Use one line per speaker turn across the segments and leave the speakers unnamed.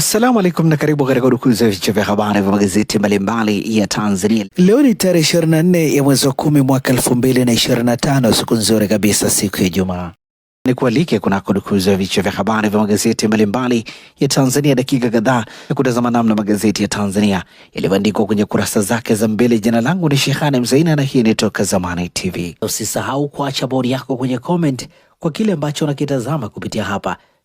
Assalamu alaikum na karibu katika udukuzi ya vichwa vya habari vya magazeti mbalimbali ya Tanzania. Leo ni tarehe 24 ya mwezi wa kumi mwaka 2025, siku nzuri kabisa, siku ya Ijumaa. Ni kualike kunako dukuzi ya vichwa vya habari vya magazeti mbalimbali ya Tanzania, dakika kadhaa ya kutazama namna magazeti ya Tanzania yalivyoandikwa kwenye kurasa zake za mbele. Jina langu ni Shehane Mzaina na hii ni Toka Zamani TV. Usisahau kuacha bodi yako kwenye comment kwa kile ambacho unakitazama kupitia hapa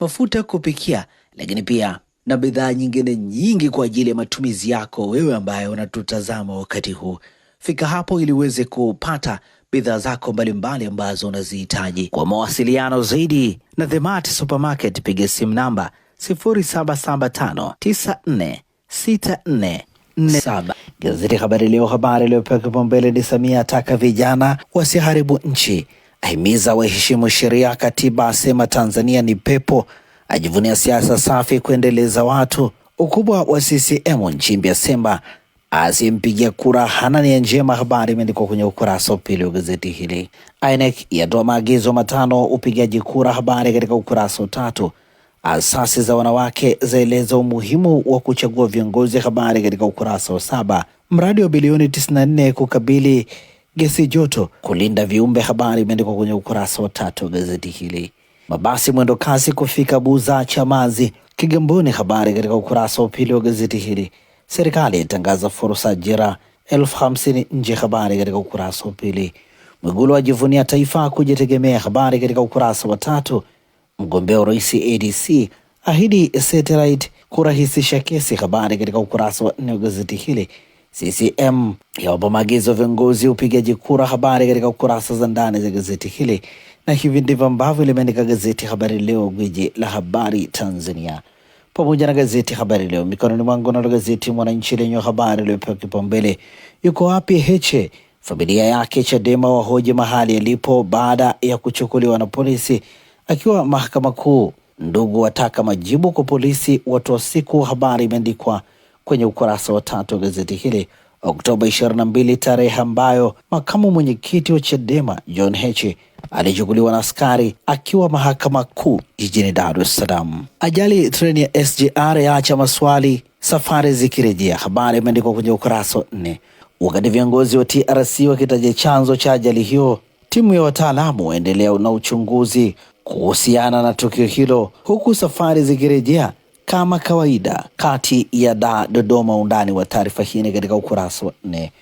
mafuta kupikia, lakini pia na bidhaa nyingine nyingi kwa ajili ya matumizi yako wewe ambaye unatutazama wakati huu. Fika hapo ili uweze kupata bidhaa zako mbalimbali ambazo unazihitaji. Kwa mawasiliano zaidi na The Mart Supermarket, piga simu namba 0775946447. Gazeti Habari Leo, habari iliyopewa kipaumbele ni Samia ataka vijana wasiharibu nchi ahimiza waheshimu sheria, katiba, asema Tanzania ni pepo, ajivunia siasa safi kuendeleza watu. Ukubwa wa CCM Nchimbi asema asimpigia kura hana nia njema. Habari imeandikwa kwenye ukurasa wa pili wa gazeti hili. INEC yatoa maagizo matano upigaji kura, habari katika ukurasa wa tatu. Asasi za wanawake zaeleza umuhimu wa kuchagua viongozi, habari katika ukurasa wa saba. Mradi wa bilioni 94 kukabili gesi joto kulinda viumbe. Habari imeandikwa kwenye ukurasa wa tatu wa gazeti hili. Mabasi mwendo kasi kufika Buza Chamazi Kigamboni, habari katika ukurasa wa pili wa gazeti hili. Serikali yatangaza fursa ajira elfu hamsini nje, habari katika ukurasa wa pili. Mwigulu ajivunia taifa kujitegemea, habari katika ukurasa wa tatu. Mgombea urais ADC ahidi satellite kurahisisha kesi, habari katika ukurasa wa nne wa gazeti hili. CCM yawapa maagizo viongozi upigaji kura. Habari katika kurasa za ndani za gazeti hili, na hivi ndivyo ambavyo limeandika gazeti Habari Leo, gwiji la habari Tanzania, pamoja na gazeti Habari Leo mikononi mwangu. Nalo gazeti Mwananchi lenye habari iliyopewa kipaumbele, yuko wapi Heche? Familia yake Chadema wahoji mahali yalipo baada ya kuchukuliwa na polisi akiwa mahakama kuu. Ndugu wataka majibu kwa polisi watu wa siku. Habari imeandikwa kwenye ukurasa wa tatu wa gazeti hili. Oktoba 22, tarehe ambayo makamu mwenyekiti wa Chadema John Heche alichukuliwa na askari akiwa mahakama kuu jijini Dar es Salaam. Ajali treni ya SGR yaacha maswali, safari zikirejea. Habari imeandikwa kwenye ukurasa wa nne. Wakati viongozi wa TRC wakitaja chanzo cha ajali hiyo, timu ya wataalamu waendelea na uchunguzi kuhusiana na tukio hilo, huku safari zikirejea kama kawaida kati ya da Dodoma. Undani wa taarifa hii ni katika ukurasa wa nne.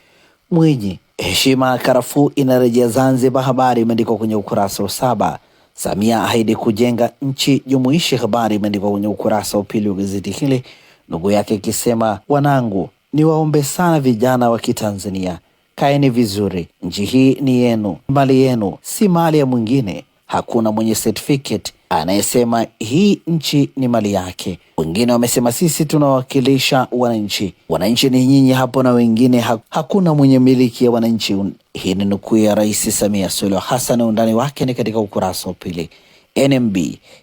Mwinyi: heshima karafu karafuu inarejea Zanzibar. Habari imeandikwa kwenye ukurasa wa saba. Samia ahidi kujenga nchi jumuishi. Habari imeandikwa kwenye ukurasa wa pili wa gazeti hili, ndugu yake ikisema wanangu, niwaombe sana vijana wa Kitanzania, kaeni vizuri, nchi hii ni yenu, mali yenu, si mali ya mwingine hakuna mwenye certificate anayesema hii nchi ni mali yake. Wengine wamesema sisi tunawakilisha wananchi, wananchi ni nyinyi hapo, na wengine hakuna mwenye miliki ya wananchi. Hii ni nukuu ya Rais Samia Suluhu Hassan, undani wake ni katika ukurasa wa pili. NMB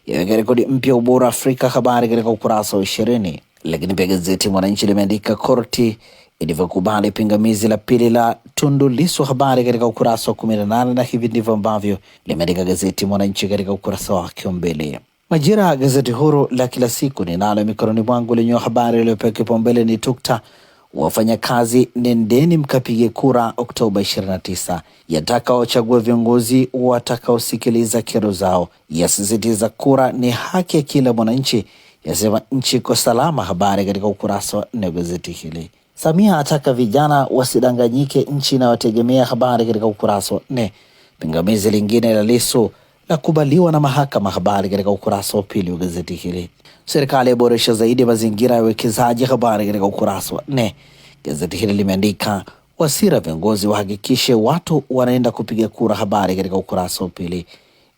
yaweka rekodi mpya ubora Afrika, habari katika ukurasa wa ishirini. Lakini pia gazeti Mwananchi limeandika korti ilivyokubali pingamizi la pili la Tundu Lissu, habari katika ukurasa wa 18, na hivi ndivyo ambavyo limeandika gazeti Mwananchi katika ukurasa wake mbele. Majira, gazeti huru la kila siku ninalo mikononi mwangu, lenye habari iliyopewa kipaumbele ni tukta wafanyakazi nendeni mkapige kura Oktoba 29, yatakaochagua viongozi watakaosikiliza kero zao, yasisitiza kura ni haki ya kila mwananchi, yasema nchi iko salama. Habari katika ukurasa wa nne wa gazeti hili. Samia ataka vijana wasidanganyike nchi inayotegemea habari katika ukurasa wa nne. Pingamizi lingine la Lissu la kubaliwa na mahakama, habari katika ukurasa wa pili wa gazeti hili. Serikali yaboresha zaidi mazingira ya uwekezaji, habari katika ukurasa wa nne. Gazeti hili limeandika Wasira, viongozi wahakikishe watu wanaenda kupiga kura, habari katika ukurasa wa pili.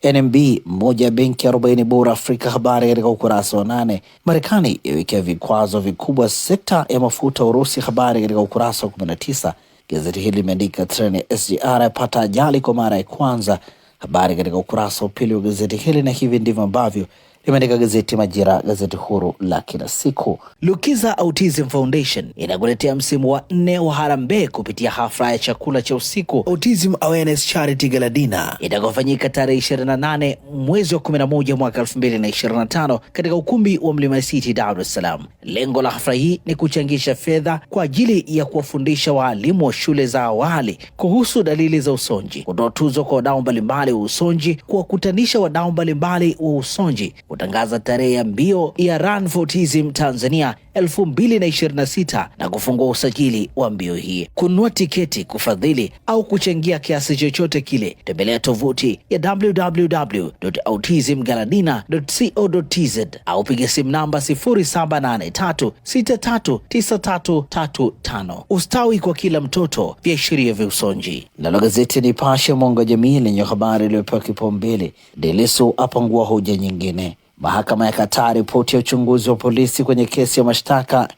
NMB moja ya benki arobaini bora Afrika. Habari katika ukurasa wa nane. Marekani yawekea vikwazo vikubwa sekta ya mafuta Urusi. Habari katika ukurasa wa kumi na tisa. Gazeti hili limeandika treni ya SGR yapata ajali kwa mara ya kwanza. Habari katika ukurasa wa pili wa gazeti hili, na hivi ndivyo ambavyo limeandika gazeti Majira, gazeti huru la kila siku. Lukiza Autism Foundation inakuletea msimu wa nne wa harambee kupitia hafla ya chakula cha usiku Autism Awareness Charity galadina Dinner tarehe 28 mwezi wa 11 mwaka 2025 katika ukumbi wa Mlima City, Dar es Salaam. Lengo la hafla hii ni kuchangisha fedha kwa ajili ya kuwafundisha waalimu wa shule za awali kuhusu dalili za usonji, kutoa tuzo kwa wadau mbalimbali wa usonji, kuwakutanisha wadau mbalimbali wa usonji kutangaza tarehe ya mbio ya Run for Autism Tanzania 2026 na kufungua usajili wa mbio hii. Kununua tiketi, kufadhili au kuchangia kiasi chochote kile, tembelea tovuti ya www.autismgaladina.co.tz au piga simu namba 0783639335. Ustawi kwa kila mtoto, viashiria vya usonji. Nalo gazeti ni Nipashe mwanga jamii lenye habari iliyopewa kipaumbele, Delisu apangua hoja nyingine Mahakama ya Kataa ripoti ya uchunguzi wa polisi kwenye kesi ya mashtaka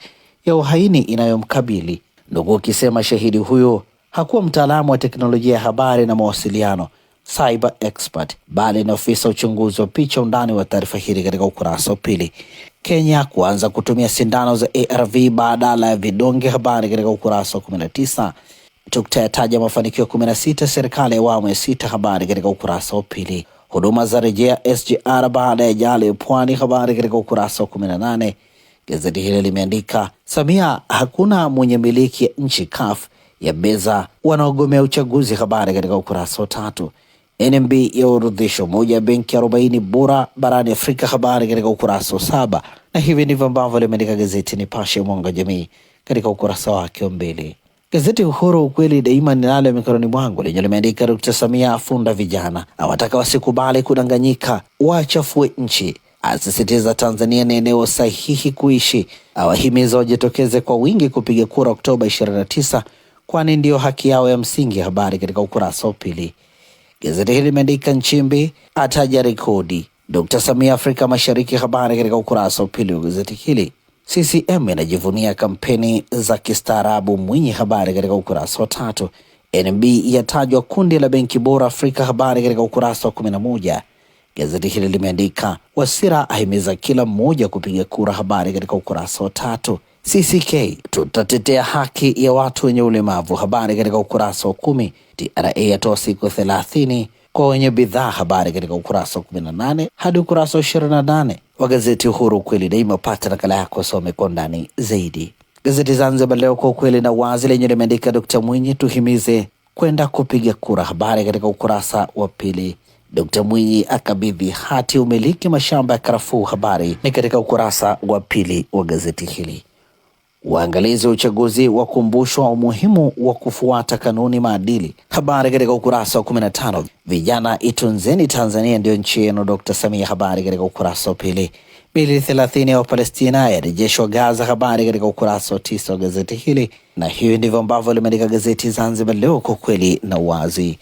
ya uhaini inayomkabili ndugu, ukisema shahidi huyo hakuwa mtaalamu wa teknolojia ya habari na mawasiliano cyber expert, bali ni ofisa uchunguzi wa picha. Undani wa taarifa hili katika ukurasa wa pili. Kenya kuanza kutumia sindano za ARV badala ya vidonge, habari katika ukurasa wa tisa. Tukta yataja mafanikio sita serikali ya awamu ya sita, habari katika ukurasa wa pili. Huduma za rejea SGR baada ya ajali ya Pwani. Habari katika ukurasa wa kumi na nane. Gazeti hili limeandika Samia, hakuna mwenye miliki ya nchi, kaf ya beza wanaogomea uchaguzi. Habari katika ukurasa wa tatu. NMB ya urudhisho moja ya benki arobaini bora barani Afrika. Habari katika ukurasa wa saba, na hivi ndivyo ambavyo limeandika gazeti Nipashe Mwanga Jamii katika ukurasa wake wa mbili. Gazeti Uhuru ukweli daima ninalo mikononi mwangu lenye limeandika Dkt. Samia afunda vijana, awataka wasikubali kudanganyika, wachafue nchi, asisitiza Tanzania ni eneo sahihi kuishi, awahimiza wajitokeze kwa wingi kupiga kura Oktoba 29 kwani ndiyo haki yao ya msingi. Habari katika ukurasa wa pili. Gazeti hili limeandika Nchimbi ataja rekodi Dkt. Samia Afrika Mashariki. Habari katika ukurasa wa pili wa gazeti hili. CCM inajivunia kampeni za kistaarabu. Mwinyi, habari katika ukurasa wa tatu. NMB yatajwa kundi la benki bora Afrika, habari katika ukurasa wa kumi na moja. Gazeti hili limeandika Wasira ahimiza kila mmoja kupiga kura, habari katika ukurasa wa tatu. CCK tutatetea haki ya watu wenye ulemavu, habari katika ukurasa wa kumi. TRA yatoa siku thelathini kwa wenye bidhaa. Habari katika ukurasa wa kumi na nane hadi ukurasa wa ishirini na nane wa gazeti Uhuru, ukweli daima. Pata nakala yako, some kwa ndani zaidi. Gazeti Zanzibar Leo, kwa ukweli na wazi, lenye limeandika Dkt Mwinyi, tuhimize kwenda kupiga kura. Habari katika ukurasa wa pili. Dkt Mwinyi akabidhi hati umiliki mashamba ya karafuu. Habari ni katika ukurasa wa pili wa gazeti hili. Waangalizi wa uchaguzi wakumbushwa umuhimu wa kufuata kanuni maadili. Habari katika ukurasa wa 15. Vijana itunzeni Tanzania ndiyo nchi yenu, d Samia. Habari katika ukurasa wa pili. Mili thelathini ya Wapalestina yarejeshwa Gaza. Habari katika ukurasa wa tisa wa gazeti hili, na hiyo ndivyo ambavyo limeandika gazeti Zanzibar Leo, kwa kweli na uwazi.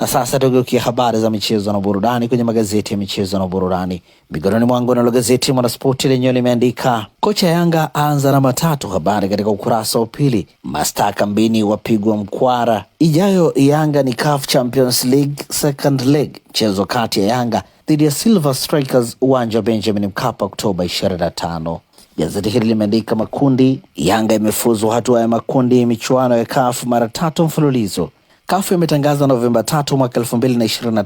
Na sasa tugeukia habari za michezo na burudani kwenye magazeti ya michezo na burudani. Migononi mwangu nalo gazeti Mwanaspoti lenyewe limeandika kocha Yanga aanza na matatu. habari katika ukurasa wa pili. Mastaka mbini wapigwa mkwara, ijayo Yanga ni CAF Champions League second leg, mchezo kati ya Yanga dhidi ya Silver Strikers uwanja wa Benjamin Mkapa Oktoba 25. Gazeti hili limeandika makundi, Yanga imefuzwa hatua ya makundi michuano ya kafu mara tatu mfululizo kafu imetangaza Novemba tatu mwaka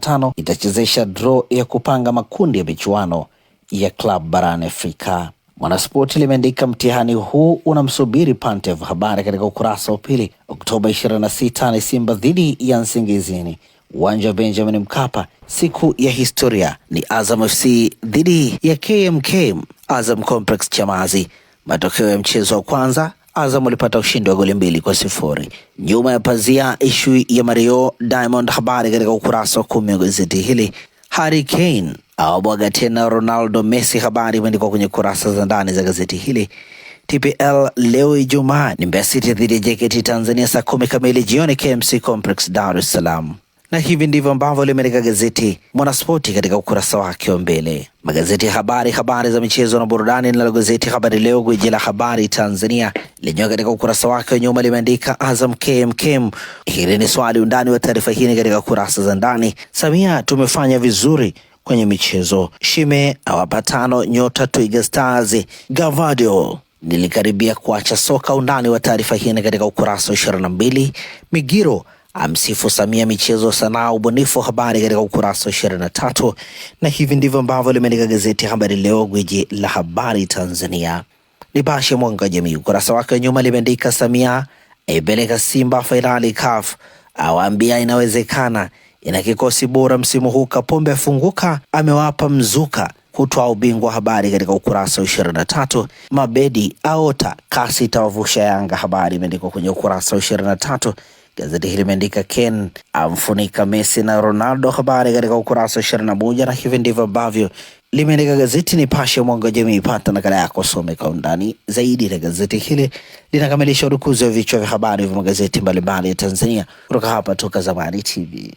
tano itachezesha draw ya kupanga makundi ya michuano ya klabu barani Afrika. Mwanaspoti limeandika mtihani huu unamsubiri Pantev. Habari katika ukurasa wa pili. Oktoba 26 ni Simba dhidi ya Nsingizini, uwanja wa Benjamin Mkapa. Siku ya historia ni Azam FC dhidi ya KMK Azam Complex Chamazi. Matokeo ya mchezo wa kwanza Azam walipata ushindi wa goli mbili kwa sifuri. Nyuma ya pazia, ishu ya Mario Diamond, habari katika ukurasa wa kumi wa gazeti hili. Harry Kane awabwaga tena Ronaldo, Messi, habari imeandikwa kwenye kurasa za ndani za gazeti hili. TPL leo Ijumaa ni Mbeya City dhidi ya JKT Tanzania saa kumi kamili jioni KMC Complex Dar es Salaam na hivi ndivyo ambavyo limeandika gazeti Mwanaspoti katika ukurasa wake wa mbele. Magazeti ya habari, habari za michezo na burudani. Linalo gazeti Habari Leo, gwiji la habari Tanzania, lenyewe katika ukurasa wake wa nyuma limeandika Azam KMKM. Hili ni swali. Undani wa taarifa hii ni katika kurasa za ndani. Samia, tumefanya vizuri kwenye michezo. Shime awapa tano nyota Twiga Stars. Gavadio nilikaribia kuacha soka. Undani wa taarifa hii ni katika ukurasa wa ishirini na mbili. Migiro amsifu Samia michezo, sanaa, ubunifu, habari katika ukurasa wa ishirini na tatu. Na hivi ndivyo ambavyo limeandika gazeti Habari Leo, gwiji la habari Tanzania. Nipashe Mwanga Jamii ukurasa wake wa nyuma limeandika Samia aipeleka Simba fainali CAF, awaambia inawezekana, ina kikosi bora msimu huu. Kapombe afunguka, amewapa mzuka kutoa ubingwa. Habari katika ukurasa wa ishirini na tatu. Mabedi aota kasi itawavusha Yanga, habari imeandikwa kwenye ukurasa wa ishirini na tatu Gazeti hili limeandika Ken amfunika Messi na Ronaldo, habari katika ukurasa wa 21, na hivi ndivyo ambavyo limeandika gazeti Nipashe mwanga wa jamii. Pata nakala yako some kwa undani zaidi. La gazeti hili linakamilisha urukuzi wa vichwa vya habari vya magazeti mbalimbali ya Tanzania kutoka hapa Toka Zamani TV.